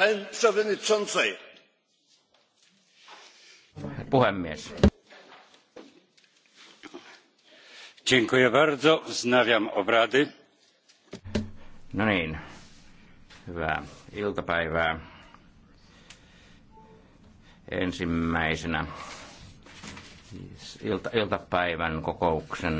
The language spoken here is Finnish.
Pani Puhemies. No niin. Hyvää iltapäivää. Ensimmäisenä ilta, iltapäivän kokouksen